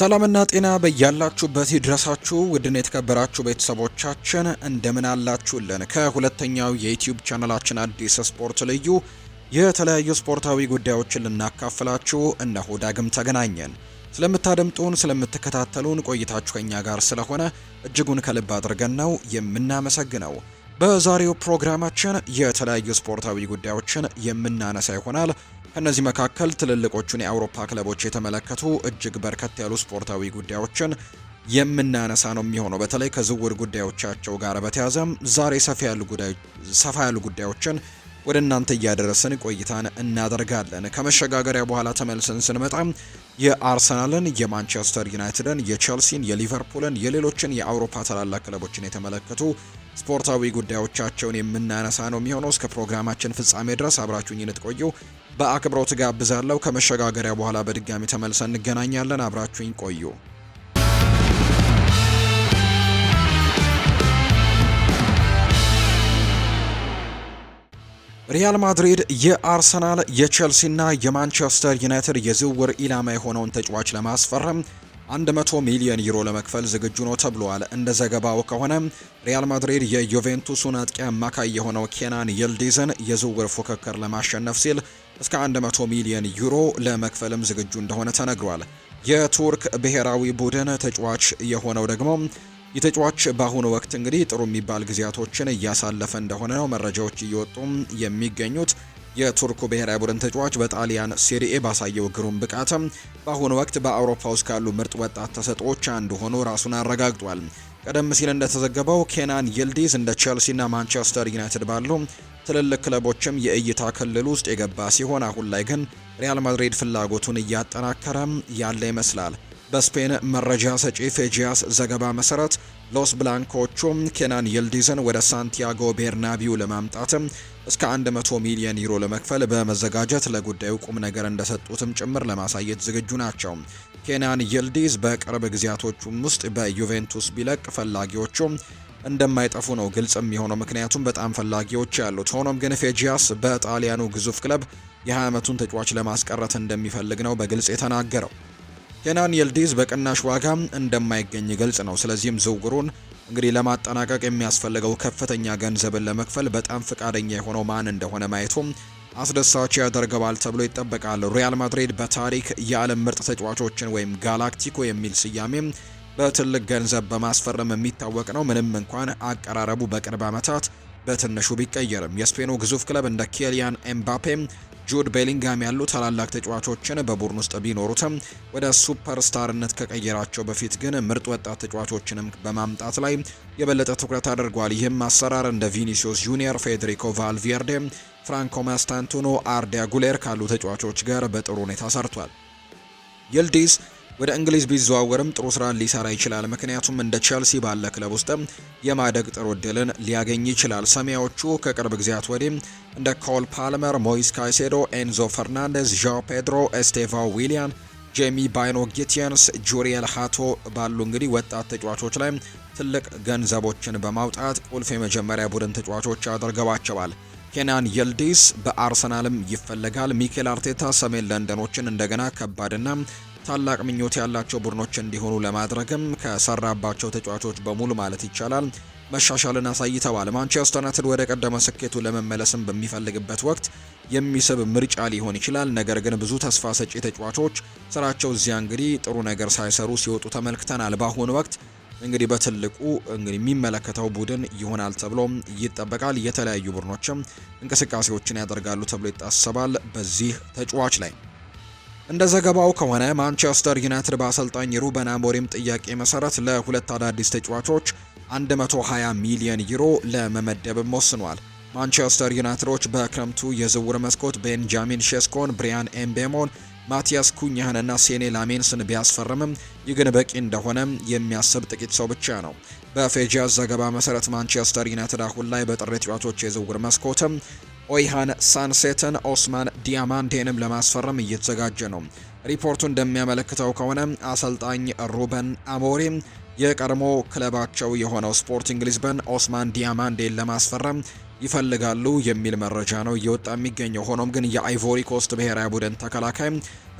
ሰላምና ጤና በያላችሁበት ይድረሳችሁ ውድን የተከበራችሁ ቤተሰቦቻችን እንደምን አላችሁልን? ከሁለተኛው የዩትዩብ ቻናላችን አዲስ ስፖርት ልዩ የተለያዩ ስፖርታዊ ጉዳዮችን ልናካፍላችሁ እነሆ ዳግም ተገናኘን። ስለምታደምጡን ስለምትከታተሉን ቆይታችሁ ከኛ ጋር ስለሆነ እጅጉን ከልብ አድርገን ነው የምናመሰግነው። በዛሬው ፕሮግራማችን የተለያዩ ስፖርታዊ ጉዳዮችን የምናነሳ ይሆናል። ከእነዚህ መካከል ትልልቆቹን የአውሮፓ ክለቦች የተመለከቱ እጅግ በርከት ያሉ ስፖርታዊ ጉዳዮችን የምናነሳ ነው የሚሆነው። በተለይ ከዝውውር ጉዳዮቻቸው ጋር በተያያዘ ዛሬ ሰፋ ያሉ ጉዳዮችን ወደ እናንተ እያደረስን ቆይታን እናደርጋለን። ከመሸጋገሪያ በኋላ ተመልሰን ስንመጣ የአርሰናልን፣ የማንቸስተር ዩናይትድን፣ የቼልሲን፣ የሊቨርፑልን፣ የሌሎችን የአውሮፓ ታላላቅ ክለቦችን የተመለከቱ ስፖርታዊ ጉዳዮቻቸውን የምናነሳ ነው የሚሆነው። እስከ ፕሮግራማችን ፍጻሜ ድረስ አብራችሁኝ ልትቆዩ በአክብሮት ጋብዛለሁ። ከመሸጋገሪያ በኋላ በድጋሚ ተመልሰ እንገናኛለን። አብራችሁኝ ቆዩ። ሪያል ማድሪድ የአርሰናል የቼልሲና የማንቸስተር ዩናይትድ የዝውውር ኢላማ የሆነውን ተጫዋች ለማስፈረም 100 ሚሊዮን ዩሮ ለመክፈል ዝግጁ ነው ተብሏል። እንደ ዘገባው ከሆነ ሪያል ማድሪድ የዩቬንቱሱን አጥቂ አማካይ የሆነው ኬናን የልዲዝን የዝውውር ፉክክር ለማሸነፍ ሲል እስከ 100 ሚሊዮን ዩሮ ለመክፈልም ዝግጁ እንደሆነ ተነግሯል። የቱርክ ብሔራዊ ቡድን ተጫዋች የሆነው ደግሞ የተጫዋች በአሁኑ ወቅት እንግዲህ ጥሩ የሚባል ጊዜያቶችን እያሳለፈ እንደሆነ ነው መረጃዎች እየወጡ የሚገኙት። የቱርኩ ብሔራዊ ቡድን ተጫዋች በጣሊያን ሴሪኤ ባሳየው ግሩም ብቃትም በአሁኑ ወቅት በአውሮፓ ውስጥ ካሉ ምርጥ ወጣት ተሰጥኦዎች አንዱ ሆኖ ራሱን አረጋግጧል። ቀደም ሲል እንደተዘገበው ኬናን ይልዲዝ እንደ ቼልሲና ማንቸስተር ዩናይትድ ባሉ ትልልቅ ክለቦችም የእይታ ክልል ውስጥ የገባ ሲሆን አሁን ላይ ግን ሪያል ማድሪድ ፍላጎቱን እያጠናከረም ያለ ይመስላል። በስፔን መረጃ ሰጪ ፌጂያስ ዘገባ መሰረት ሎስ ብላንኮቹም ኬናን ይልዲዝን ወደ ሳንቲያጎ ቤርናቢው ለማምጣትም እስከ 100 ሚሊዮን ዩሮ ለመክፈል በመዘጋጀት ለጉዳዩ ቁም ነገር እንደሰጡትም ጭምር ለማሳየት ዝግጁ ናቸው። ኬናን ይልዲዝ በቅርብ ጊዜያቶቹም ውስጥ በዩቬንቱስ ቢለቅ ፈላጊዎቹም እንደማይጠፉ ነው ግልጽ የሚሆነው፣ ምክንያቱም በጣም ፈላጊዎች ያሉት። ሆኖም ግን ፌጂያስ በጣሊያኑ ግዙፍ ክለብ የ20 ዓመቱን ተጫዋች ለማስቀረት እንደሚፈልግ ነው በግልጽ የተናገረው። ኬናን የልዲዝ በቅናሽ ዋጋ እንደማይገኝ ግልጽ ነው። ስለዚህም ዝውውሩን እንግዲህ ለማጠናቀቅ የሚያስፈልገው ከፍተኛ ገንዘብን ለመክፈል በጣም ፈቃደኛ የሆነው ማን እንደሆነ ማየቱም አስደሳች ያደርገዋል ተብሎ ይጠበቃል። ሪያል ማድሪድ በታሪክ የዓለም ምርጥ ተጫዋቾችን ወይም ጋላክቲኮ የሚል ስያሜ በትልቅ ገንዘብ በማስፈረም የሚታወቅ ነው። ምንም እንኳን አቀራረቡ በቅርብ ዓመታት በትንሹ ቢቀየርም የስፔኑ ግዙፍ ክለብ እንደ ኬሊያን ኤምባፔ፣ ጁድ ቤሊንጋም ያሉ ታላላቅ ተጫዋቾችን በቡድን ውስጥ ቢኖሩትም ወደ ሱፐርስታርነት ከቀየራቸው በፊት ግን ምርጥ ወጣት ተጫዋቾችንም በማምጣት ላይ የበለጠ ትኩረት አድርጓል። ይህም አሰራር እንደ ቪኒሲዮስ ጁኒየር፣ ፌዴሪኮ ቫልቬርዴ፣ ፍራንኮ ማስታንቱኖ፣ አርዲያ ጉሌር ካሉ ተጫዋቾች ጋር በጥሩ ሁኔታ ሰርቷል። ይልዲዝ ወደ እንግሊዝ ቢዘዋወርም ጥሩ ስራን ሊሰራ ይችላል። ምክንያቱም እንደ ቸልሲ ባለ ክለብ ውስጥ የማደግ ጥሩ እድልን ሊያገኝ ይችላል። ሰሚያዎቹ ከቅርብ ጊዜያት ወዲህ እንደ ኮል ፓልመር፣ ሞይስ ካይሴዶ፣ ኤንዞ ፈርናንዴዝ፣ ዣው ፔድሮ፣ ኤስቴቫ ዊሊያን፣ ጄሚ ባይኖ ጊቲየንስ፣ ጁሪየል ሃቶ ባሉ እንግዲህ ወጣት ተጫዋቾች ላይ ትልቅ ገንዘቦችን በማውጣት ቁልፍ የመጀመሪያ ቡድን ተጫዋቾች ያደርገዋቸዋል። ኬናን የልዲስ በአርሰናልም ይፈለጋል። ሚኬል አርቴታ ሰሜን ለንደኖችን እንደገና ከባድና ታላቅ ምኞት ያላቸው ቡድኖች እንዲሆኑ ለማድረግም ከሰራባቸው ተጫዋቾች በሙሉ ማለት ይቻላል መሻሻልን አሳይተዋል። ማንቸስተር ዩናይትድ ወደ ቀደመ ስኬቱ ለመመለስም በሚፈልግበት ወቅት የሚስብ ምርጫ ሊሆን ይችላል። ነገር ግን ብዙ ተስፋ ሰጪ ተጫዋቾች ስራቸው እዚያ እንግዲህ ጥሩ ነገር ሳይሰሩ ሲወጡ ተመልክተናል። በአሁኑ ወቅት እንግዲህ በትልቁ እንግዲህ የሚመለከተው ቡድን ይሆናል ተብሎ ይጠበቃል። የተለያዩ ቡድኖችም እንቅስቃሴዎችን ያደርጋሉ ተብሎ ይታሰባል በዚህ ተጫዋች ላይ እንደ ዘገባው ከሆነ ማንቸስተር ዩናይትድ በአሰልጣኝ ሩበን አሞሪም ጥያቄ መሰረት ለሁለት አዳዲስ ተጫዋቾች 120 ሚሊዮን ዩሮ ለመመደብም ወስኗል። ማንቸስተር ዩናይትዶች በክረምቱ የዝውውር መስኮት ቤንጃሚን ሼስኮን፣ ብሪያን ኤምቤሞን፣ ማቲያስ ኩኛህንና ሴኔ ላሜንስን ቢያስፈርምም ይህ ግን በቂ እንደሆነ የሚያስብ ጥቂት ሰው ብቻ ነው። በፌጃዝ ዘገባ መሰረት ማንቸስተር ዩናይትድ አሁን ላይ በጥሬ ተጫዋቾች የዝውውር መስኮትም ኦይሃን ሳንሴትን ኦስማን ዲያማንቴንም ለማስፈረም እየተዘጋጀ ነው። ሪፖርቱ እንደሚያመለክተው ከሆነ አሰልጣኝ ሩበን አሞሪም የቀድሞ ክለባቸው የሆነው ስፖርቲንግ ሊዝበን ኦስማን ዲያማንዴን ለማስፈረም ይፈልጋሉ የሚል መረጃ ነው እየወጣ የሚገኘው። ሆኖም ግን የአይቮሪ ኮስት ብሔራዊ ቡድን ተከላካይ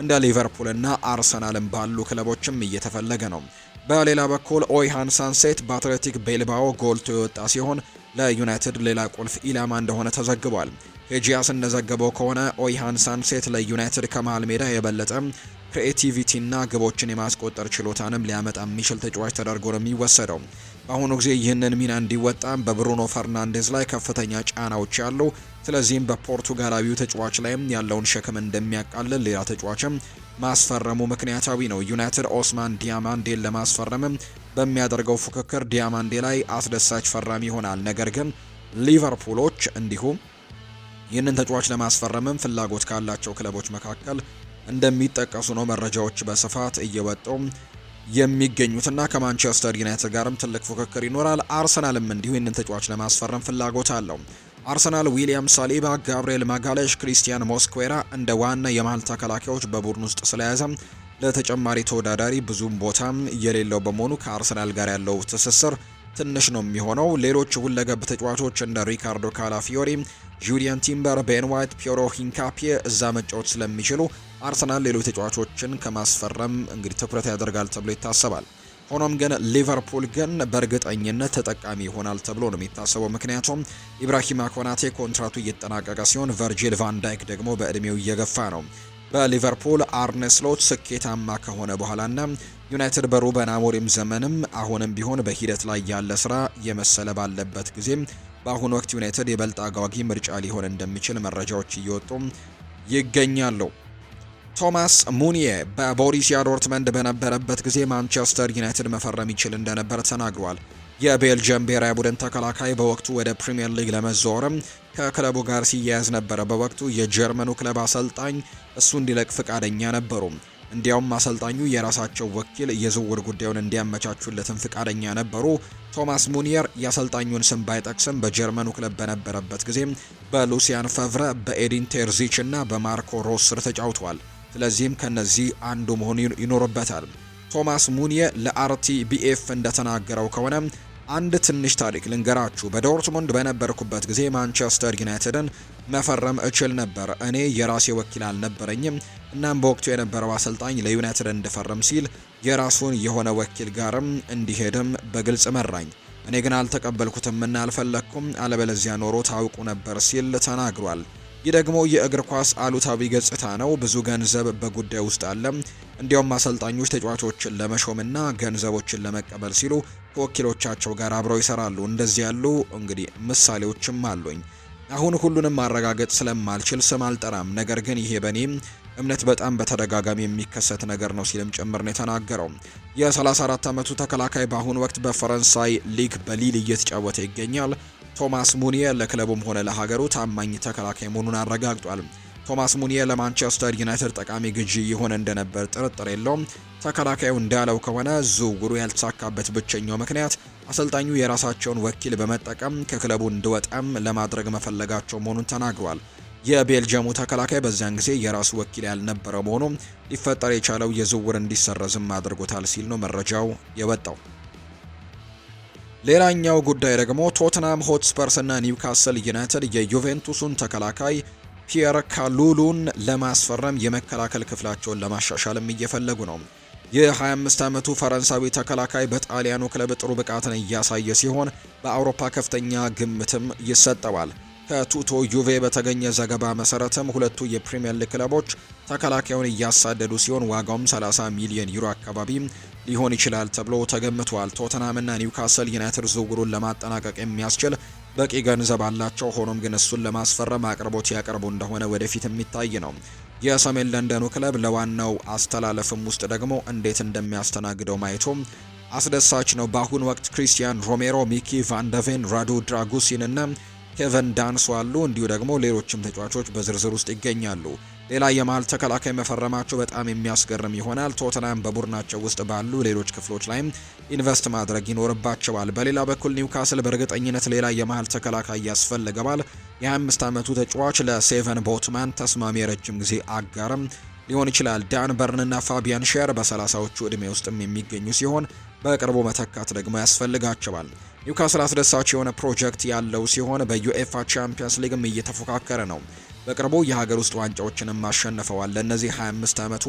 እንደ ሊቨርፑልና አርሰናልም ባሉ ክለቦችም እየተፈለገ ነው። በሌላ በኩል ኦይሃን ሳንሴት በአትሌቲክ ቤልባኦ ጎልቶ የወጣ ሲሆን ለዩናይትድ ሌላ ቁልፍ ኢላማ እንደሆነ ተዘግቧል። ኤጂያስ እንደዘገበው ከሆነ ኦይሃን ሳንሴት ለዩናይትድ ከመሃል ሜዳ የበለጠ ክሬቲቪቲና ግቦችን የማስቆጠር ችሎታንም ሊያመጣ የሚችል ተጫዋች ተደርጎ ነው የሚወሰደው። በአሁኑ ጊዜ ይህንን ሚና እንዲወጣ በብሩኖ ፈርናንዴዝ ላይ ከፍተኛ ጫናዎች ያሉ፣ ስለዚህም በፖርቱጋላዊው ተጫዋች ላይም ያለውን ሸክም እንደሚያቃልል ሌላ ተጫዋችም ማስፈረሙ ምክንያታዊ ነው። ዩናይትድ ኦስማን ዲያማንዴን ለማስፈረምም በሚያደርገው ፉክክር ዲያማንዴ ላይ አስደሳች ፈራሚ ይሆናል። ነገር ግን ሊቨርፑሎች እንዲሁም ይህንን ተጫዋች ለማስፈረምም ፍላጎት ካላቸው ክለቦች መካከል እንደሚጠቀሱ ነው መረጃዎች በስፋት እየወጡ የሚገኙትና ከማንቸስተር ዩናይትድ ጋርም ትልቅ ፉክክር ይኖራል። አርሰናልም እንዲሁ ይህንን ተጫዋች ለማስፈረም ፍላጎት አለው። አርሰናል ዊሊያም ሳሊባ፣ ጋብሪኤል ማጋለሽ፣ ክሪስቲያን ሞስኩዌራ እንደ ዋና የመሀል ተከላካዮች በቡድን ውስጥ ስለያዘ ለተጨማሪ ተወዳዳሪ ብዙም ቦታም የሌለው በመሆኑ ከአርሰናል ጋር ያለው ትስስር ትንሽ ነው የሚሆነው። ሌሎች ሁለገብ ተጫዋቾች እንደ ሪካርዶ ካላፊዮሪ፣ ጁሊያን ቲምበር፣ ቤን ዋይት፣ ፒዮሮ ሂንካፒየ እዛ መጫወት ስለሚችሉ አርሰናል ሌሎች ተጫዋቾችን ከማስፈረም እንግዲህ ትኩረት ያደርጋል ተብሎ ይታሰባል። ሆኖም ግን ሊቨርፑል ግን በእርግጠኝነት ተጠቃሚ ይሆናል ተብሎ ነው የሚታሰበው። ምክንያቱም ኢብራሂማ ኮናቴ ኮንትራቱ እየተጠናቀቀ ሲሆን፣ ቨርጂል ቫንዳይክ ደግሞ በእድሜው እየገፋ ነው። በሊቨርፑል አርነስሎት ስኬታማ ከሆነ በኋላና ዩናይትድ በሩበን አሞሪም ዘመንም አሁንም ቢሆን በሂደት ላይ ያለ ስራ የመሰለ ባለበት ጊዜ በአሁኑ ወቅት ዩናይትድ የበልጥ አጓጊ ምርጫ ሊሆን እንደሚችል መረጃዎች እየወጡ ይገኛሉ። ቶማስ ሙኒየ በቦሪሲያ ዶርትመንድ በነበረበት ጊዜ ማንቸስተር ዩናይትድ መፈረም ይችል እንደነበር ተናግሯል። የቤልጅየም ብሔራዊ ቡድን ተከላካይ በወቅቱ ወደ ፕሪምየር ሊግ ለመዛወርም ከክለቡ ጋር ሲያያዝ ነበረ። በወቅቱ የጀርመኑ ክለብ አሰልጣኝ እሱ እንዲለቅ ፍቃደኛ ነበሩ። እንዲያውም አሰልጣኙ የራሳቸው ወኪል የዝውውር ጉዳዩን እንዲያመቻቹለትም ፍቃደኛ ነበሩ። ቶማስ ሙኒየር የአሰልጣኙን ስም ባይጠቅስም በጀርመኑ ክለብ በነበረበት ጊዜ በሉሲያን ፈቭረ፣ በኤዲን ቴርዚች እና በማርኮ ሮስ ስር ተጫውቷል። ስለዚህም ከነዚህ አንዱ መሆን ይኖርበታል። ቶማስ ሙኒየ ለአርቲ ቢኤፍ እንደተናገረው ከሆነ አንድ ትንሽ ታሪክ ልንገራችሁ። በዶርትሙንድ በነበርኩበት ጊዜ ማንቸስተር ዩናይትድን መፈረም እችል ነበር። እኔ የራሴ ወኪል አልነበረኝም። እናም በወቅቱ የነበረው አሰልጣኝ ለዩናይትድ እንድፈርም ሲል የራሱን የሆነ ወኪል ጋርም እንዲሄድም በግልጽ መራኝ። እኔ ግን አልተቀበልኩትምና አልፈለግኩም፣ አለበለዚያ ኖሮ ታውቁ ነበር ሲል ተናግሯል። ይህ ደግሞ የእግር ኳስ አሉታዊ ገጽታ ነው። ብዙ ገንዘብ በጉዳይ ውስጥ አለ። እንዲያውም አሰልጣኞች ተጫዋቾችን ለመሾምና ገንዘቦችን ለመቀበል ሲሉ ከወኪሎቻቸው ጋር አብረው ይሰራሉ። እንደዚህ ያሉ እንግዲህ ምሳሌዎችም አሉኝ። አሁን ሁሉንም ማረጋገጥ ስለማልችል ስም አልጠራም፣ ነገር ግን ይሄ በእኔም እምነት በጣም በተደጋጋሚ የሚከሰት ነገር ነው ሲልም ጭምር ነው የተናገረው። የ34 ዓመቱ ተከላካይ በአሁኑ ወቅት በፈረንሳይ ሊግ በሊል እየተጫወተ ይገኛል። ቶማስ ሙኒየ ለክለቡም ሆነ ለሀገሩ ታማኝ ተከላካይ መሆኑን አረጋግጧል። ቶማስ ሙኒየ ለማንቸስተር ዩናይትድ ጠቃሚ ግዢ ይሆን እንደነበር ጥርጥር የለውም። ተከላካዩ እንዳለው ከሆነ ዝውውሩ ያልተሳካበት ብቸኛው ምክንያት አሰልጣኙ የራሳቸውን ወኪል በመጠቀም ከክለቡ እንዲወጣም ለማድረግ መፈለጋቸው መሆኑን ተናግሯል። የቤልጅየሙ ተከላካይ በዚያን ጊዜ የራሱ ወኪል ያልነበረ መሆኑ ሊፈጠር የቻለው የዝውውር እንዲሰረዝም አድርጎታል ሲል ነው መረጃው የወጣው። ሌላኛው ጉዳይ ደግሞ ቶትናም ሆትስፐርስ እና ኒውካስል ዩናይትድ የዩቬንቱሱን ተከላካይ ፒየር ካሉሉን ለማስፈረም የመከላከል ክፍላቸውን ለማሻሻልም እየፈለጉ ነው። የ25 ዓመቱ ፈረንሳዊ ተከላካይ በጣሊያኑ ክለብ ጥሩ ብቃትን እያሳየ ሲሆን በአውሮፓ ከፍተኛ ግምትም ይሰጠዋል። ከቱቶ ዩቬ በተገኘ ዘገባ መሰረትም ሁለቱ የፕሪምየር ሊግ ክለቦች ተከላካዩን እያሳደዱ ሲሆን ዋጋውም 30 ሚሊዮን ዩሮ አካባቢ ሊሆን ይችላል ተብሎ ተገምቷል። ቶተናምና ኒውካስል ዩናይትድ ዝውውሩን ለማጠናቀቅ የሚያስችል በቂ ገንዘብ አላቸው። ሆኖም ግን እሱን ለማስፈረም አቅርቦት ያቀርቡ እንደሆነ ወደፊት የሚታይ ነው። የሰሜን ለንደኑ ክለብ ለዋናው አስተላለፍም ውስጥ ደግሞ እንዴት እንደሚያስተናግደው ማየቱ አስደሳች ነው። በአሁን ወቅት ክሪስቲያን ሮሜሮ፣ ሚኪ ቫንደቬን፣ ራዱ ድራጉሲን እና ኬቨን ዳንስ አሉ። እንዲሁ ደግሞ ሌሎችም ተጫዋቾች በዝርዝር ውስጥ ይገኛሉ። ሌላ የመሀል ተከላካይ መፈረማቸው በጣም የሚያስገርም ይሆናል። ቶተናም በቡድናቸው ውስጥ ባሉ ሌሎች ክፍሎች ላይም ኢንቨስት ማድረግ ይኖርባቸዋል። በሌላ በኩል ኒውካስል በእርግጠኝነት ሌላ የመሀል ተከላካይ ያስፈልገዋል። የ25 ዓመቱ ተጫዋች ለሴቨን ቦትማን ተስማሚ የረጅም ጊዜ አጋርም ሊሆን ይችላል። ዳን በርንና ፋቢያን ሼር በሰላሳዎቹ ዕድሜ ውስጥም የሚገኙ ሲሆን በቅርቡ መተካት ደግሞ ያስፈልጋቸዋል። ኒውካስል አስደሳች የሆነ ፕሮጀክት ያለው ሲሆን በዩኤፋ ቻምፒየንስ ሊግም እየተፎካከረ ነው። በቅርቡ የሀገር ውስጥ ዋንጫዎችንም አሸንፈዋል። ለእነዚህ 25 ዓመቱ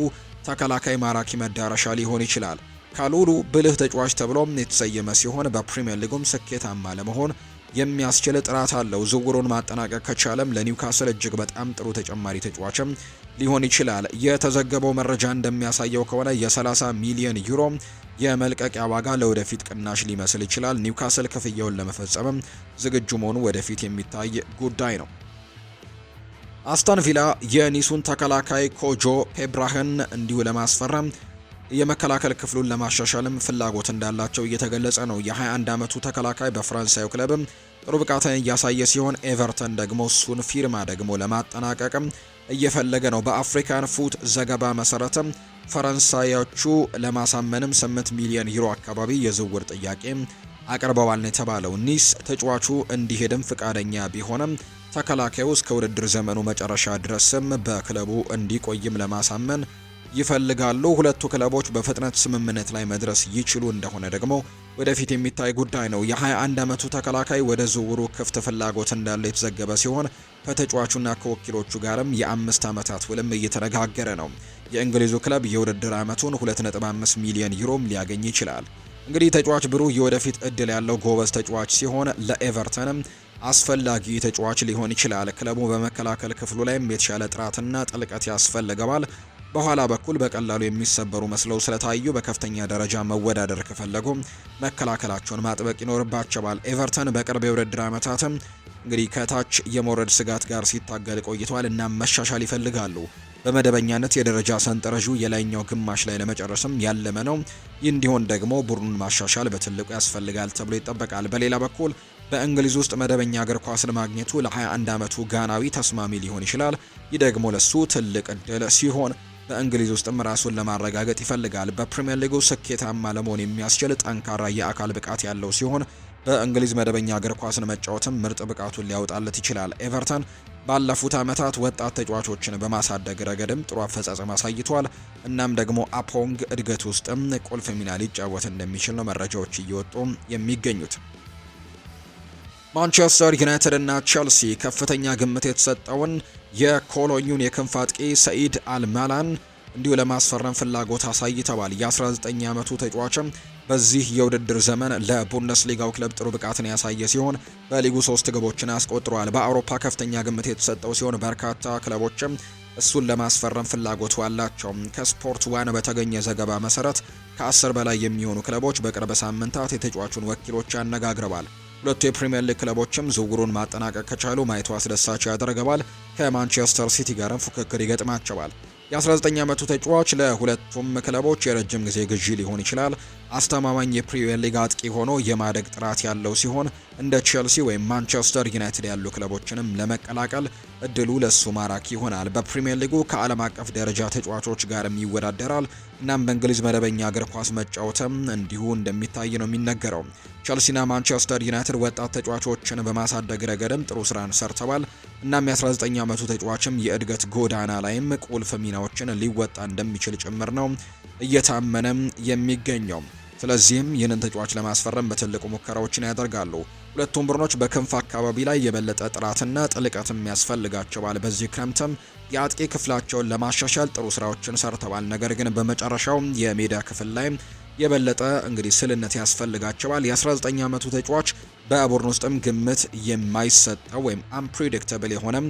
ተከላካይ ማራኪ መዳረሻ ሊሆን ይችላል። ካሉሉ ብልህ ተጫዋች ተብሎም የተሰየመ ሲሆን በፕሪምየር ሊጉም ስኬታማ ለመሆን የሚያስችል ጥራት አለው። ዝውውሩን ማጠናቀቅ ከቻለም ለኒውካስል እጅግ በጣም ጥሩ ተጨማሪ ተጫዋችም ሊሆን ይችላል። የተዘገበው መረጃ እንደሚያሳየው ከሆነ የ30 ሚሊዮን ዩሮ የመልቀቂያ ዋጋ ለወደፊት ቅናሽ ሊመስል ይችላል። ኒውካስል ክፍያውን ለመፈጸምም ዝግጁ መሆኑ ወደፊት የሚታይ ጉዳይ ነው። አስተን ቪላ የኒሱን ተከላካይ ኮጆ ፔብራህን እንዲሁ ለማስፈረም የመከላከል ክፍሉን ለማሻሻልም ፍላጎት እንዳላቸው እየተገለጸ ነው። የ21 ዓመቱ ተከላካይ በፈረንሳዩ ክለብም ጥሩ ብቃትን እያሳየ ሲሆን ኤቨርተን ደግሞ እሱን ፊርማ ደግሞ ለማጠናቀቅም እየፈለገ ነው። በአፍሪካን ፉት ዘገባ መሰረትም ፈረንሳዮቹ ለማሳመንም 8 ሚሊዮን ዩሮ አካባቢ የዝውውር ጥያቄ አቅርበዋል ነው የተባለው። ኒስ ተጫዋቹ እንዲሄድም ፍቃደኛ ቢሆንም ተከላካዩ እስከ ውድድር ዘመኑ መጨረሻ ድረስም በክለቡ እንዲቆይም ለማሳመን ይፈልጋሉ። ሁለቱ ክለቦች በፍጥነት ስምምነት ላይ መድረስ ይችሉ እንደሆነ ደግሞ ወደፊት የሚታይ ጉዳይ ነው። የ21 ዓመቱ ተከላካይ ወደ ዝውውሩ ክፍት ፍላጎት እንዳለ የተዘገበ ሲሆን ከተጫዋቹና ከወኪሎቹ ጋርም የአምስት ዓመታት ውልም እየተነጋገረ ነው። የእንግሊዙ ክለብ የውድድር ዓመቱን 2.5 ሚሊዮን ዩሮም ሊያገኝ ይችላል። እንግዲህ ተጫዋች ብሩህ የወደፊት እድል ያለው ጎበዝ ተጫዋች ሲሆን ለኤቨርተንም አስፈላጊ ተጫዋች ሊሆን ይችላል። ክለቡ በመከላከል ክፍሉ ላይም የተሻለ ጥራትና ጥልቀት ያስፈልገዋል። በኋላ በኩል በቀላሉ የሚሰበሩ መስለው ስለታዩ በከፍተኛ ደረጃ መወዳደር ከፈለጉ መከላከላቸውን ማጥበቅ ይኖርባቸዋል። ኤቨርተን በቅርብ የውድድር ዓመታትም እንግዲህ ከታች የመውረድ ስጋት ጋር ሲታገል ቆይተዋል እና መሻሻል ይፈልጋሉ። በመደበኛነት የደረጃ ሰንጠረዡ የላይኛው ግማሽ ላይ ለመጨረስም ያለመ ነው። ይህ እንዲሆን ደግሞ ቡድኑን ማሻሻል በትልቁ ያስፈልጋል ተብሎ ይጠበቃል። በሌላ በኩል በእንግሊዝ ውስጥ መደበኛ እግር ኳስን ማግኘቱ ለ21 ዓመቱ ጋናዊ ተስማሚ ሊሆን ይችላል። ይህ ደግሞ ለሱ ትልቅ እድል ሲሆን በእንግሊዝ ውስጥም ራሱን ለማረጋገጥ ይፈልጋል። በፕሪምየር ሊጉ ስኬታማ ለመሆን የሚያስችል ጠንካራ የአካል ብቃት ያለው ሲሆን በእንግሊዝ መደበኛ እግር ኳስን መጫወትም ምርጥ ብቃቱን ሊያወጣለት ይችላል። ኤቨርተን ባለፉት ዓመታት ወጣት ተጫዋቾችን በማሳደግ ረገድም ጥሩ አፈጻጸም አሳይቷል። እናም ደግሞ አፖንግ እድገት ውስጥም ቁልፍ ሚና ሊጫወት እንደሚችል ነው መረጃዎች እየወጡ የሚገኙት። ማንቸስተር ዩናይትድ እና ቸልሲ ከፍተኛ ግምት የተሰጠውን የኮሎኙን የክንፍ አጥቂ ሰኢድ አልማላን እንዲሁ ለማስፈረም ፍላጎት አሳይተዋል። የ19 ዓመቱ ተጫዋችም በዚህ የውድድር ዘመን ለቡንደስሊጋው ክለብ ጥሩ ብቃትን ያሳየ ሲሆን በሊጉ ሶስት ግቦችን አስቆጥሯል። በአውሮፓ ከፍተኛ ግምት የተሰጠው ሲሆን በርካታ ክለቦችም እሱን ለማስፈረም ፍላጎቱ አላቸው። ከስፖርት ዋን በተገኘ ዘገባ መሰረት ከአስር በላይ የሚሆኑ ክለቦች በቅርብ ሳምንታት የተጫዋቹን ወኪሎች አነጋግረዋል። ሁለቱ የፕሪምየር ሊግ ክለቦችም ዝውውሩን ማጠናቀቅ ከቻሉ ማየቱ አስደሳች ያደርገዋል። ከማንቸስተር ሲቲ ጋርም ፉክክር ይገጥማቸዋል። የ19 ዓመቱ ተጫዋች ለሁለቱም ክለቦች የረጅም ጊዜ ግዢ ሊሆን ይችላል። አስተማማኝ የፕሪምየር ሊግ አጥቂ ሆኖ የማደግ ጥራት ያለው ሲሆን እንደ ቼልሲ ወይም ማንቸስተር ዩናይትድ ያሉ ክለቦችንም ለመቀላቀል እድሉ ለሱ ማራኪ ይሆናል። በፕሪምየር ሊጉ ከዓለም አቀፍ ደረጃ ተጫዋቾች ጋርም ይወዳደራል። እናም በእንግሊዝ መደበኛ እግር ኳስ መጫወትም እንዲሁ እንደሚታይ ነው የሚነገረው። ቸልሲና ማንቸስተር ዩናይትድ ወጣት ተጫዋቾችን በማሳደግ ረገድም ጥሩ ስራን ሰርተዋል። እናም የ19 ዓመቱ ተጫዋችም የእድገት ጎዳና ላይም ቁልፍ ሚናዎችን ሊወጣ እንደሚችል ጭምር ነው እየታመነም የሚገኘው። ስለዚህም ይህንን ተጫዋች ለማስፈረም በትልቁ ሙከራዎችን ያደርጋሉ። ሁለቱም ቡድኖች በክንፍ አካባቢ ላይ የበለጠ ጥራትና ጥልቀትም ያስፈልጋቸዋል። በዚህ ክረምትም የአጥቂ ክፍላቸውን ለማሻሻል ጥሩ ስራዎችን ሰርተዋል። ነገር ግን በመጨረሻው የሜዳ ክፍል ላይ የበለጠ እንግዲህ ስልነት ያስፈልጋቸዋል። የ19 ዓመቱ ተጫዋች በቡድን ውስጥም ግምት የማይሰጠው ወይም አንፕሪዲክተብል የሆነም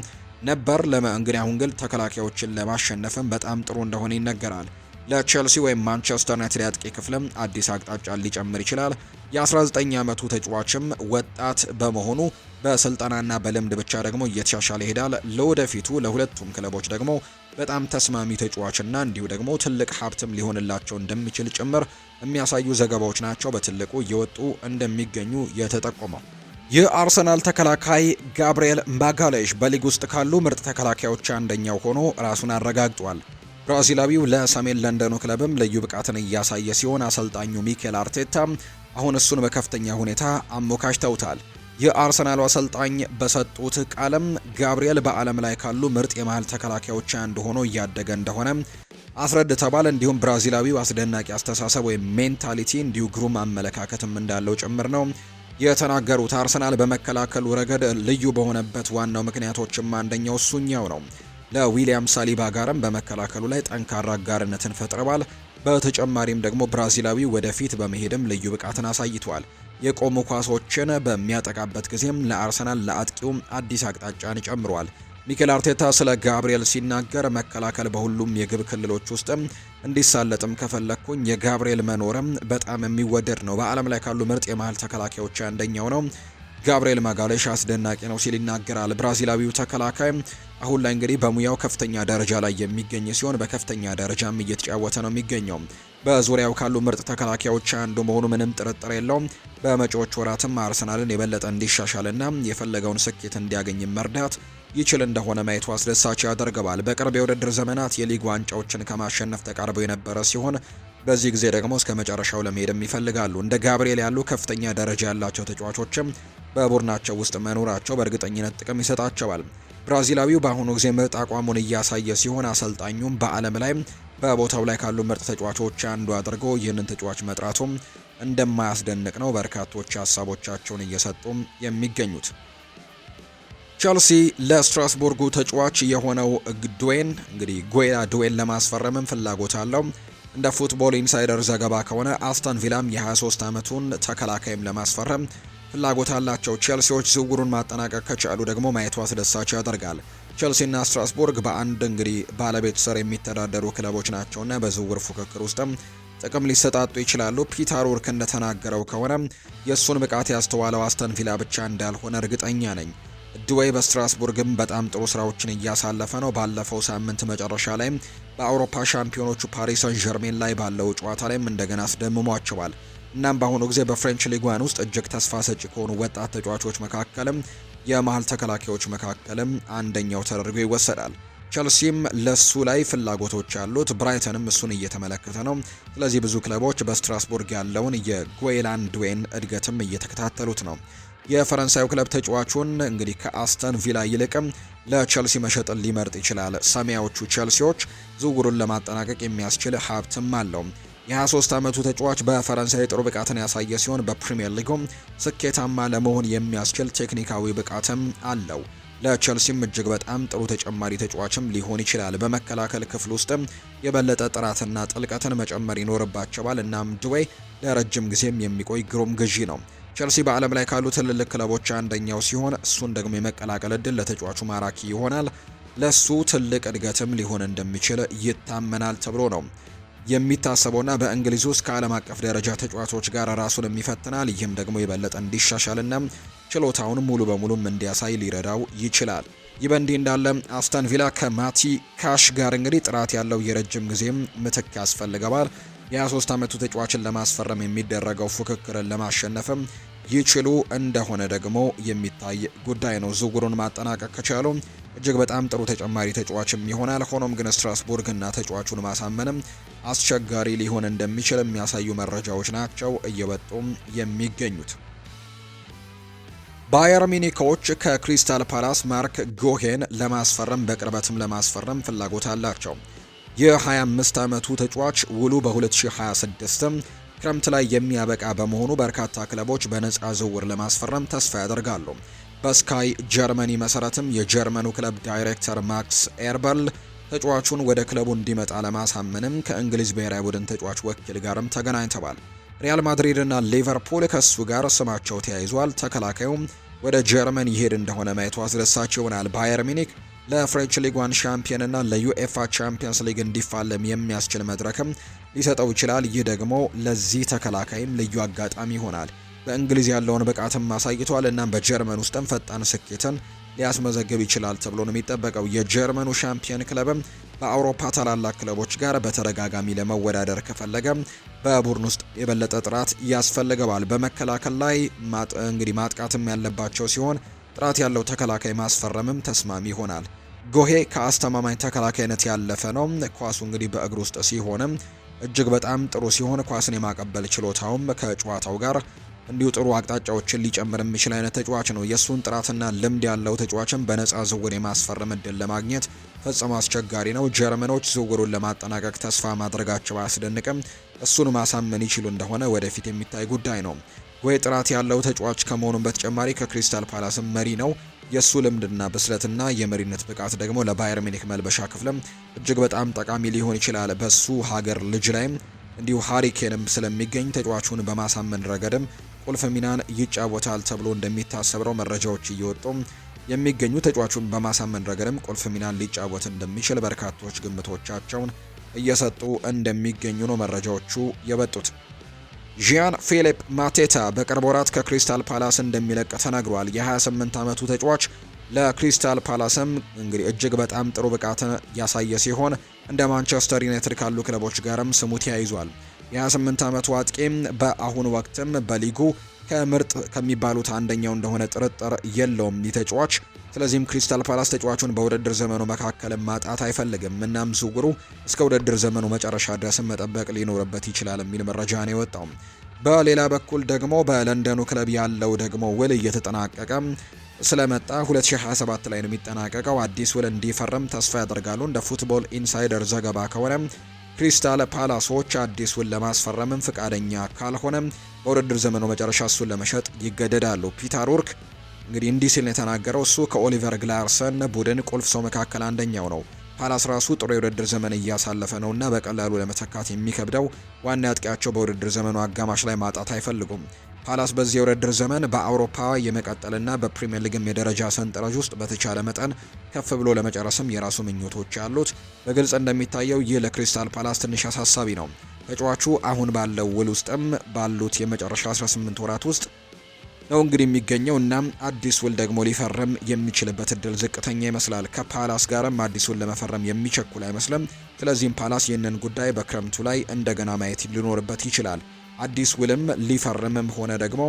ነበር። ለመ እንግዲህ አሁን ግን ተከላካዮችን ለማሸነፍም በጣም ጥሩ እንደሆነ ይነገራል። ለቼልሲ ወይም ማንቸስተር ዩናይትድ አጥቂ ክፍልም አዲስ አቅጣጫ ሊጨምር ይችላል። የ19 ዓመቱ ተጫዋችም ወጣት በመሆኑ በስልጠናና በልምድ ብቻ ደግሞ እየተሻሻለ ይሄዳል። ለወደፊቱ ለሁለቱም ክለቦች ደግሞ በጣም ተስማሚ ተጫዋችና እንዲሁ ደግሞ ትልቅ ሀብትም ሊሆንላቸው እንደሚችል ጭምር የሚያሳዩ ዘገባዎች ናቸው በትልቁ እየወጡ እንደሚገኙ የተጠቆመው። የአርሰናል ተከላካይ ጋብርኤል ማጋሌሽ በሊግ ውስጥ ካሉ ምርጥ ተከላካዮች አንደኛው ሆኖ ራሱን አረጋግጧል። ብራዚላዊው ለሰሜን ለንደኑ ክለብም ልዩ ብቃትን እያሳየ ሲሆን አሰልጣኙ ሚኬል አርቴታ አሁን እሱን በከፍተኛ ሁኔታ አሞካሽተውታል። የአርሰናሉ አሰልጣኝ በሰጡት ቃለም ጋብሪኤል በዓለም ላይ ካሉ ምርጥ የመሃል ተከላካዮች አንዱ ሆኖ እያደገ እንደሆነ አስረድተዋል። እንዲሁም ብራዚላዊው አስደናቂ አስተሳሰብ ወይም ሜንታሊቲ እንዲሁ ግሩም አመለካከትም እንዳለው ጭምር ነው የተናገሩት። አርሰናል በመከላከሉ ረገድ ልዩ በሆነበት ዋናው ምክንያቶችም አንደኛው እሱኛው ነው። ለዊሊያም ሳሊባ ጋርም በመከላከሉ ላይ ጠንካራ አጋርነትን ፈጥረዋል። በተጨማሪም ደግሞ ብራዚላዊ ወደፊት በመሄድም ልዩ ብቃትን አሳይቷል። የቆሙ ኳሶችን በሚያጠቃበት ጊዜም ለአርሰናል ለአጥቂውም አዲስ አቅጣጫን ጨምሯል። ሚኬል አርቴታ ስለ ጋብሪኤል ሲናገር መከላከል በሁሉም የግብ ክልሎች ውስጥም እንዲሳለጥም ከፈለግኩኝ የጋብሪኤል መኖርም በጣም የሚወደድ ነው። በዓለም ላይ ካሉ ምርጥ የመሀል ተከላካዮች አንደኛው ነው። ጋብርኤል ማጋሌሽ አስደናቂ ነው ሲል ይናገራል። ብራዚላዊው ተከላካይ አሁን ላይ እንግዲህ በሙያው ከፍተኛ ደረጃ ላይ የሚገኝ ሲሆን በከፍተኛ ደረጃም እየተጫወተ ነው የሚገኘው። በዙሪያው ካሉ ምርጥ ተከላካዮች አንዱ መሆኑ ምንም ጥርጥር የለውም። በመጪዎች ወራትም አርሰናልን የበለጠ እንዲሻሻልና የፈለገውን ስኬት እንዲያገኝ መርዳት ይችል እንደሆነ ማየቱ አስደሳች ያደርገዋል። በቅርብ የውድድር ዘመናት የሊግ ዋንጫዎችን ከማሸነፍ ተቃርቦ የነበረ ሲሆን በዚህ ጊዜ ደግሞ እስከ መጨረሻው ለመሄድም ይፈልጋሉ። እንደ ጋብርኤል ያሉ ከፍተኛ ደረጃ ያላቸው ተጫዋቾችም በቡድናቸው ውስጥ መኖራቸው በእርግጠኝነት ጥቅም ይሰጣቸዋል። ብራዚላዊው በአሁኑ ጊዜ ምርጥ አቋሙን እያሳየ ሲሆን አሰልጣኙም በዓለም ላይ በቦታው ላይ ካሉ ምርጥ ተጫዋቾች አንዱ አድርጎ ይህንን ተጫዋች መጥራቱም እንደማያስደንቅ ነው በርካቶች ሀሳቦቻቸውን እየሰጡም የሚገኙት። ቸልሲ ለስትራስቡርጉ ተጫዋች የሆነው ግድዌን እንግዲህ ጉዌራ ድዌን ለማስፈረምም ፍላጎት አለው። እንደ ፉትቦል ኢንሳይደር ዘገባ ከሆነ አስተን ቪላም የ23 ዓመቱን ተከላካይም ለማስፈረም ፍላጎት አላቸው። ቼልሲዎች ዝውውሩን ማጠናቀቅ ከቻሉ ደግሞ ማየቱ አስደሳች ያደርጋል። ቼልሲና ስትራስቡርግ በአንድ እንግዲህ ባለቤት ስር የሚተዳደሩ ክለቦች ናቸውና በዝውውር ፉክክር ውስጥም ጥቅም ሊሰጣጡ ይችላሉ። ፒተር ወርክ እንደተናገረው ከሆነ የእሱን ብቃት ያስተዋለው አስተን ቪላ ብቻ እንዳልሆነ እርግጠኛ ነኝ። ድዌይ በስትራስቡርግም በጣም ጥሩ ስራዎችን እያሳለፈ ነው። ባለፈው ሳምንት መጨረሻ ላይም በአውሮፓ ሻምፒዮኖቹ ፓሪስ ሰን ዠርሜን ላይ ባለው ጨዋታ ላይም እንደገና አስደምሟቸዋል። እናም በአሁኑ ጊዜ በፍሬንች ሊጓን ውስጥ እጅግ ተስፋ ሰጪ ከሆኑ ወጣት ተጫዋቾች መካከልም የመሀል ተከላካዮች መካከልም አንደኛው ተደርጎ ይወሰዳል። ቸልሲም ለሱ ላይ ፍላጎቶች ያሉት ብራይተንም እሱን እየተመለከተ ነው። ስለዚህ ብዙ ክለቦች በስትራስቡርግ ያለውን የጎይላንድዌን እድገትም እየተከታተሉት ነው። የፈረንሳዩ ክለብ ተጫዋቹን እንግዲህ ከአስተን ቪላ ይልቅም ለቸልሲ መሸጥን ሊመርጥ ይችላል። ሰማያዎቹ ቸልሲዎች ዝውውሩን ለማጠናቀቅ የሚያስችል ሀብትም አለው። የ23 ዓመቱ ተጫዋች በፈረንሳይ ጥሩ ብቃትን ያሳየ ሲሆን በፕሪምየር ሊጉም ስኬታማ ለመሆን የሚያስችል ቴክኒካዊ ብቃትም አለው። ለቸልሲም እጅግ በጣም ጥሩ ተጨማሪ ተጫዋችም ሊሆን ይችላል። በመከላከል ክፍል ውስጥም የበለጠ ጥራትና ጥልቀትን መጨመር ይኖርባቸዋል። እናም ድዌ ለረጅም ጊዜም የሚቆይ ግሩም ግዢ ነው። ቸልሲ በዓለም ላይ ካሉ ትልልቅ ክለቦች አንደኛው ሲሆን እሱን ደግሞ የመቀላቀል እድል ለተጫዋቹ ማራኪ ይሆናል። ለሱ ትልቅ እድገትም ሊሆን እንደሚችል ይታመናል ተብሎ ነው የሚታሰበውና በእንግሊዝ ውስጥ ከዓለም አቀፍ ደረጃ ተጫዋቾች ጋር ራሱን የሚፈትናል። ይህም ደግሞ የበለጠ እንዲሻሻልና ችሎታውን ሙሉ በሙሉም እንዲያሳይ ሊረዳው ይችላል። ይህ በእንዲህ እንዳለ አስተን ቪላ ከማቲ ካሽ ጋር እንግዲህ ጥራት ያለው የረጅም ጊዜም ምትክ ያስፈልገዋል። የ23 ዓመቱ ተጫዋችን ለማስፈረም የሚደረገው ፉክክርን ለማሸነፍም ይችሉ እንደሆነ ደግሞ የሚታይ ጉዳይ ነው። ዝውውሩን ማጠናቀቅ ከቻሉ እጅግ በጣም ጥሩ ተጨማሪ ተጫዋችም ይሆናል። ሆኖም ግን ስትራስቡርግና ተጫዋቹን ማሳመንም አስቸጋሪ ሊሆን እንደሚችል የሚያሳዩ መረጃዎች ናቸው እየወጡም የሚገኙት። ባየር ሚኒኮች ከክሪስታል ፓላስ ማርክ ጎሄን ለማስፈረም በቅርበትም ለማስፈረም ፍላጎት አላቸው። የ25 ዓመቱ ተጫዋች ውሉ በ2026 ክረምት ላይ የሚያበቃ በመሆኑ በርካታ ክለቦች በነፃ ዝውውር ለማስፈረም ተስፋ ያደርጋሉ። በስካይ ጀርመኒ መሰረትም የጀርመኑ ክለብ ዳይሬክተር ማክስ ኤርበል ተጫዋቹን ወደ ክለቡ እንዲመጣ ለማሳመንም ከእንግሊዝ ብሔራዊ ቡድን ተጫዋች ወኪል ጋርም ተገናኝተዋል። ሪያል ማድሪድ ና ሊቨርፑል ከእሱ ጋር ስማቸው ተያይዟል። ተከላካዩም ወደ ጀርመን ይሄድ እንደሆነ ማየቱ አስደሳች ይሆናል። ባየር ሚኒክ ለፍሬንች ሊግ ዋን ሻምፒየን ለዩኤፋ ቻምፒየንስ ሊግ እንዲፋለም የሚያስችል መድረክም ሊሰጠው ይችላል። ይህ ደግሞ ለዚህ ተከላካይም ልዩ አጋጣሚ ይሆናል። በእንግሊዝ ያለውን ብቃትም አሳይቷል። እናም በጀርመን ውስጥም ፈጣን ስኬትን ሊያስመዘግብ ይችላል ተብሎ ነው የሚጠበቀው። የጀርመኑ ሻምፒየን ክለብም በአውሮፓ ታላላቅ ክለቦች ጋር በተደጋጋሚ ለመወዳደር ከፈለገ በቡድን ውስጥ የበለጠ ጥራት ያስፈልገዋል። በመከላከል ላይ እንግዲህ ማጥቃትም ያለባቸው ሲሆን ጥራት ያለው ተከላካይ ማስፈረምም ተስማሚ ይሆናል። ጎሄ ከአስተማማኝ ተከላካይነት ያለፈ ነው። ኳሱ እንግዲህ በእግር ውስጥ ሲሆንም እጅግ በጣም ጥሩ ሲሆን ኳስን የማቀበል ችሎታውም ከጨዋታው ጋር እንዲሁ ጥሩ አቅጣጫዎችን ሊጨምር የሚችል አይነት ተጫዋች ነው። የእሱን ጥራትና ልምድ ያለው ተጫዋችን በነፃ ዝውውር የማስፈረም እድል ለማግኘት ፈጽሞ አስቸጋሪ ነው። ጀርመኖች ዝውውሩን ለማጠናቀቅ ተስፋ ማድረጋቸው አያስደንቅም። እሱን ማሳመን ይችሉ እንደሆነ ወደፊት የሚታይ ጉዳይ ነው። ወይ ጥራት ያለው ተጫዋች ከመሆኑም በተጨማሪ ከክሪስታል ፓላስም መሪ ነው። የእሱ ልምድና ብስለትና የመሪነት ብቃት ደግሞ ለባየር ሚኒክ መልበሻ ክፍልም እጅግ በጣም ጠቃሚ ሊሆን ይችላል። በሱ ሀገር ልጅ ላይም እንዲሁ ሃሪኬንም ስለሚገኝ ተጫዋቹን በማሳመን ረገድም ቁልፍ ሚናን ይጫወታል ተብሎ እንደሚታሰብረው መረጃዎች እየወጡ የሚገኙ ተጫዋቹን በማሳመን ረገድም ቁልፍ ሚናን ሊጫወት እንደሚችል በርካቶች ግምቶቻቸውን እየሰጡ እንደሚገኙ ነው መረጃዎቹ የበጡት። ዣን ፊሊፕ ማቴታ በቅርብ ወራት ከክሪስታል ፓላስ እንደሚለቅ ተናግሯል። የ28 ዓመቱ ተጫዋች ለክሪስታል ፓላስም እንግዲህ እጅግ በጣም ጥሩ ብቃትን ያሳየ ሲሆን እንደ ማንቸስተር ዩናይትድ ካሉ ክለቦች ጋርም ስሙ ተያይዟል። የ28 ዓመቱ አጥቂም በአሁኑ ወቅትም በሊጉ ከምርጥ ከሚባሉት አንደኛው እንደሆነ ጥርጥር የለውም ተጫዋች። ስለዚህም ክሪስታል ፓላስ ተጫዋቹን በውድድር ዘመኑ መካከል ማጣት አይፈልግም። እናም ዝውውሩ እስከ ውድድር ዘመኑ መጨረሻ ድረስም መጠበቅ ሊኖርበት ይችላል የሚል መረጃ ነው የወጣው። በሌላ በኩል ደግሞ በለንደኑ ክለብ ያለው ደግሞ ውል እየተጠናቀቀ ስለመጣ 2027 ላይ ነው የሚጠናቀቀው። አዲስ ውል እንዲፈርም ተስፋ ያደርጋሉ። እንደ ፉትቦል ኢንሳይደር ዘገባ ከሆነ ክሪስታል ፓላሶች አዲሱን ለማስፈረምም ፍቃደኛ ካልሆነም በውድድር ዘመኑ መጨረሻ እሱን ለመሸጥ ይገደዳሉ። ፒተር ኡርክ እንግዲህ እንዲህ ሲል የተናገረው እሱ ከኦሊቨር ግላርሰን ቡድን ቁልፍ ሰው መካከል አንደኛው ነው። ፓላስ ራሱ ጥሩ የውድድር ዘመን እያሳለፈ ነውና በቀላሉ ለመተካት የሚከብደው ዋና አጥቂያቸው በውድድር ዘመኑ አጋማሽ ላይ ማጣት አይፈልጉም። ፓላስ በዚህ የውድድር ዘመን በአውሮፓ የመቀጠልና በፕሪምየር ሊግም የደረጃ ሰንጠረዥ ውስጥ በተቻለ መጠን ከፍ ብሎ ለመጨረስም የራሱ ምኞቶች አሉት። በግልጽ እንደሚታየው ይህ ለክሪስታል ፓላስ ትንሽ አሳሳቢ ነው። ተጫዋቹ አሁን ባለው ውል ውስጥም ባሉት የመጨረሻ 18 ወራት ውስጥ ነው እንግዲህ የሚገኘው እና አዲስ ውል ደግሞ ሊፈርም የሚችልበት እድል ዝቅተኛ ይመስላል። ከፓላስ ጋርም አዲስ ውል ለመፈረም የሚቸኩል አይመስልም። ስለዚህም ፓላስ ይህንን ጉዳይ በክረምቱ ላይ እንደገና ማየት ሊኖርበት ይችላል። አዲስ ውልም ሊፈርምም ሆነ ደግሞ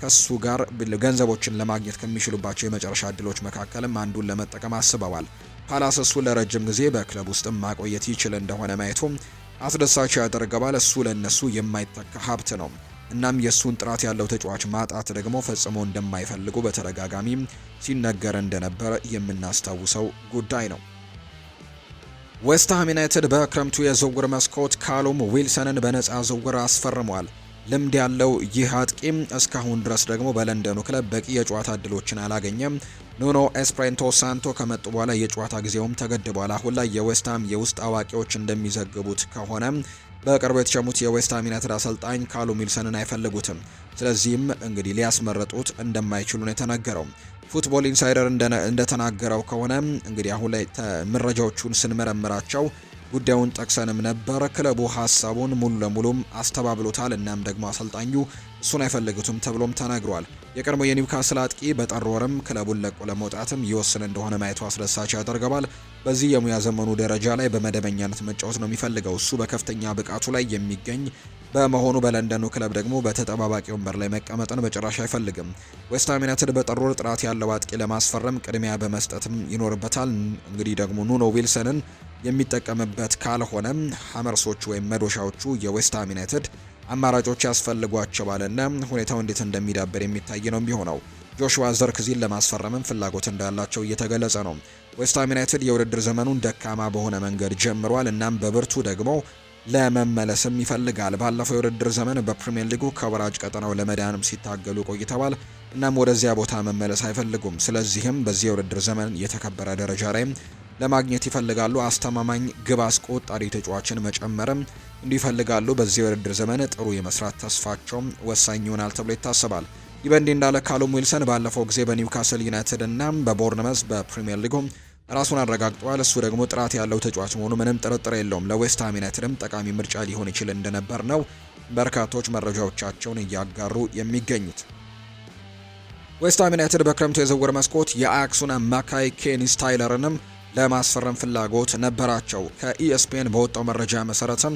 ከሱ ጋር ገንዘቦችን ለማግኘት ከሚችሉባቸው የመጨረሻ እድሎች መካከልም አንዱን ለመጠቀም አስበዋል። ፓላስ ለረጅም ጊዜ በክለብ ውስጥም ማቆየት ይችል እንደሆነ ማየቱ አስደሳች ያደርገዋል። እሱ ለእነሱ የማይተካ ሀብት ነው። እናም የእሱን ጥራት ያለው ተጫዋች ማጣት ደግሞ ፈጽሞ እንደማይፈልጉ በተደጋጋሚ ሲነገር እንደነበር የምናስታውሰው ጉዳይ ነው። ዌስትሃም ዩናይትድ በክረምቱ የዝውውር መስኮት ካሉም ዊልሰንን በነፃ ዝውውር አስፈርሟል። ልምድ ያለው ይህ አጥቂም እስካሁን ድረስ ደግሞ በለንደኑ ክለብ በቂ የጨዋታ እድሎችን አላገኘም። ኑኖ ኤስፕሬንቶ ሳንቶ ከመጡ በኋላ የጨዋታ ጊዜውም ተገድቧል። አሁን ላይ የዌስትሃም የውስጥ አዋቂዎች እንደሚዘግቡት ከሆነ በቅርቡ የተሸሙት የዌስትሃም ዩናይትድ አሰልጣኝ ካሉም ዊልሰንን አይፈልጉትም። ስለዚህም እንግዲህ ሊያስመረጡት እንደማይችሉ ነው የተናገረው። ፉትቦል ኢንሳይደር እንደተናገረው ከሆነ እንግዲህ አሁን ላይ መረጃዎቹን ስንመረምራቸው ጉዳዩን ጠቅሰንም ነበር። ክለቡ ሀሳቡን ሙሉ ለሙሉም አስተባብሎታል። እናም ደግሞ አሰልጣኙ እሱን አይፈልጉትም ተብሎም ተናግሯል። የቀድሞ የኒውካስል አጥቂ በጥር ወርም ክለቡን ለቆ ለመውጣትም ይወስን እንደሆነ ማየቱ አስደሳች ያደርገዋል። በዚህ የሙያ ዘመኑ ደረጃ ላይ በመደበኛነት መጫወት ነው የሚፈልገው። እሱ በከፍተኛ ብቃቱ ላይ የሚገኝ በመሆኑ በለንደኑ ክለብ ደግሞ በተጠባባቂ ወንበር ላይ መቀመጥን በጭራሽ አይፈልግም። ዌስትሃም ዩናይትድ በጥሩር ጥራት ያለው አጥቂ ለማስፈረም ቅድሚያ በመስጠትም ይኖርበታል። እንግዲህ ደግሞ ኑኖ ዊልሰንን የሚጠቀምበት ካልሆነም ሀመርሶቹ ወይም መዶሻዎቹ የዌስትሃም ዩናይትድ አማራጮች ያስፈልጓቸዋልና ሁኔታው እንዴት እንደሚዳብር የሚታይ ነው የሚሆነው። ጆሹዋ ዘርክዚን ለማስፈረምም ፍላጎት እንዳላቸው እየተገለጸ ነው። ዌስትሃም ዩናይትድ የውድድር ዘመኑን ደካማ በሆነ መንገድ ጀምሯል። እናም በብርቱ ደግሞ ለመመለስም ይፈልጋል። ባለፈው የውድድር ዘመን በፕሪምየር ሊጉ ከወራጅ ቀጠናው ለመዳንም ሲታገሉ ቆይተዋል። እናም ወደዚያ ቦታ መመለስ አይፈልጉም። ስለዚህም በዚህ የውድድር ዘመን የተከበረ ደረጃ ላይ ለማግኘት ይፈልጋሉ። አስተማማኝ ግብ አስቆጣሪ ተጫዋችን መጨመርም እንዲሁ ይፈልጋሉ። በዚህ የውድድር ዘመን ጥሩ የመስራት ተስፋቸውም ወሳኝ ይሆናል ተብሎ ይታሰባል። ይህ በእንዲህ እንዳለ ካሉም ዊልሰን ባለፈው ጊዜ በኒውካስል ዩናይትድ እና በቦርንመዝ በፕሪምየር ሊጉ ራሱን አረጋግጧል። እሱ ደግሞ ጥራት ያለው ተጫዋች መሆኑ ምንም ጥርጥር የለውም። ሃም ዩናይትድም ጠቃሚ ምርጫ ሊሆን ይችል እንደነበር ነው በርካቶች መረጃዎቻቸውን እያጋሩ የሚገኙት። ሃም ዩናይትድ በክረምቱ የዝውውር መስኮት የአያክሱን አማካይ ኬኒ ስታይለርንም ለማስፈረም ፍላጎት ነበራቸው። ከኢኤስፒኤን በወጣው መረጃ መሰረትም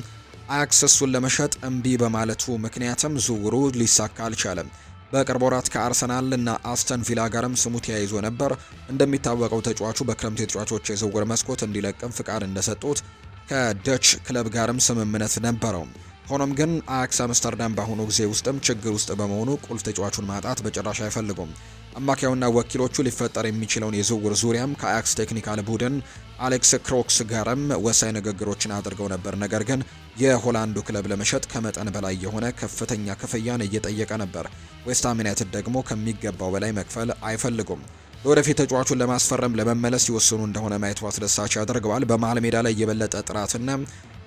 አያክስ እሱን ለመሸጥ እምቢ በማለቱ ምክንያትም ዝውውሩ ሊሳካ አልቻለም። በቅርብ ወራት ከአርሰናል እና አስተን ቪላ ጋርም ስሙ ተያይዞ ነበር። እንደሚታወቀው ተጫዋቹ በክረምት የተጫዋቾች የዝውውር መስኮት እንዲለቅም ፍቃድ እንደሰጡት ከደች ክለብ ጋርም ስምምነት ነበረው። ሆኖም ግን አያክስ አምስተርዳም በአሁኑ ጊዜ ውስጥም ችግር ውስጥ በመሆኑ ቁልፍ ተጫዋቹን ማጣት በጭራሽ አይፈልጉም። አማካዩና ወኪሎቹ ሊፈጠር የሚችለውን የዝውውር ዙሪያም ከአያክስ ቴክኒካል ቡድን አሌክስ ክሮክስ ጋርም ወሳኝ ንግግሮችን አድርገው ነበር። ነገር ግን የሆላንዱ ክለብ ለመሸጥ ከመጠን በላይ የሆነ ከፍተኛ ክፍያን እየጠየቀ ነበር። ዌስትሃም ዩናይትድ ደግሞ ከሚገባው በላይ መክፈል አይፈልጉም። ለወደፊት ተጫዋቹን ለማስፈረም ለመመለስ ሲወስኑ እንደሆነ ማየቱ አስደሳች ያደርገዋል። በመሀል ሜዳ ላይ የበለጠ ጥራትና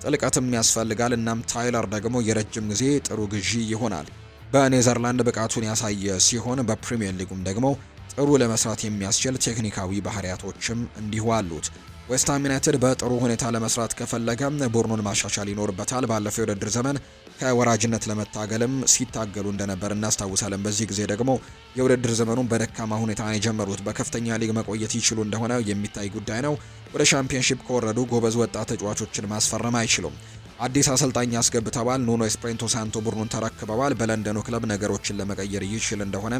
ጥልቀትም ያስፈልጋል። እናም ታይለር ደግሞ የረጅም ጊዜ ጥሩ ግዢ ይሆናል። በኔዘርላንድ ብቃቱን ያሳየ ሲሆን በፕሪምየር ሊጉም ደግሞ ጥሩ ለመስራት የሚያስችል ቴክኒካዊ ባህሪያቶችም እንዲሁ አሉት። ዌስትሃም ዩናይትድ በጥሩ ሁኔታ ለመስራት ከፈለገ ቡድኑን ማሻሻል ይኖርበታል። ባለፈው የውድድር ዘመን ከወራጅነት ለመታገልም ሲታገሉ እንደነበር እናስታውሳለን። በዚህ ጊዜ ደግሞ የውድድር ዘመኑን በደካማ ሁኔታ ነው የጀመሩት። በከፍተኛ ሊግ መቆየት ይችሉ እንደሆነ የሚታይ ጉዳይ ነው። ወደ ሻምፒዮንሺፕ ከወረዱ ጎበዝ ወጣት ተጫዋቾችን ማስፈረም አይችሉም። አዲስ አሰልጣኝ ያስገብተዋል። ኑኖ ኤስፕሬንቶ ሳንቶ ቡድኑን ተረክበዋል። በለንደኑ ክለብ ነገሮችን ለመቀየር ይችል እንደሆነ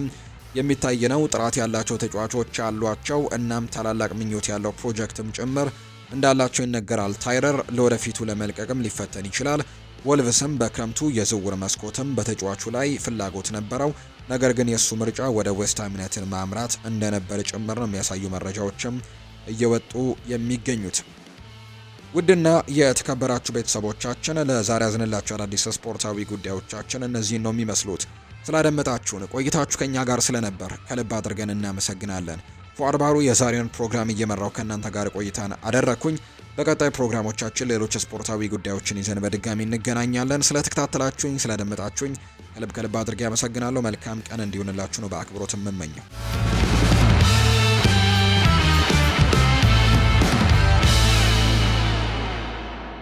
የሚታይ ነው። ጥራት ያላቸው ተጫዋቾች አሏቸው፣ እናም ታላላቅ ምኞት ያለው ፕሮጀክትም ጭምር እንዳላቸው ይነገራል። ታይረር ለወደፊቱ ለመልቀቅም ሊፈተን ይችላል። ወልቭስም በክረምቱ የዝውውር መስኮትም በተጫዋቹ ላይ ፍላጎት ነበረው፣ ነገር ግን የእሱ ምርጫ ወደ ዌስትሃም ዩናይትድ ማምራት እንደነበር ጭምር ነው የሚያሳዩ መረጃዎችም እየወጡ የሚገኙት። ውድና የተከበራችሁ ቤተሰቦቻችን ለዛሬ ያዝንላችሁ አዳዲስ ስፖርታዊ ጉዳዮቻችን እነዚህን ነው የሚመስሉት። ስላደመጣችሁን ቆይታችሁ ከእኛ ጋር ስለነበር ከልብ አድርገን እናመሰግናለን። ፏር የዛሬውን ፕሮግራም እየመራው ከእናንተ ጋር ቆይታን አደረግኩኝ። በቀጣይ ፕሮግራሞቻችን ሌሎች ስፖርታዊ ጉዳዮችን ይዘን በድጋሚ እንገናኛለን። ስለተከታተላችሁኝ፣ ስላደመጣችሁኝ ከልብ ከልብ አድርጌ አመሰግናለሁ። መልካም ቀን እንዲሆንላችሁ ነው በአክብሮት የምመኘው።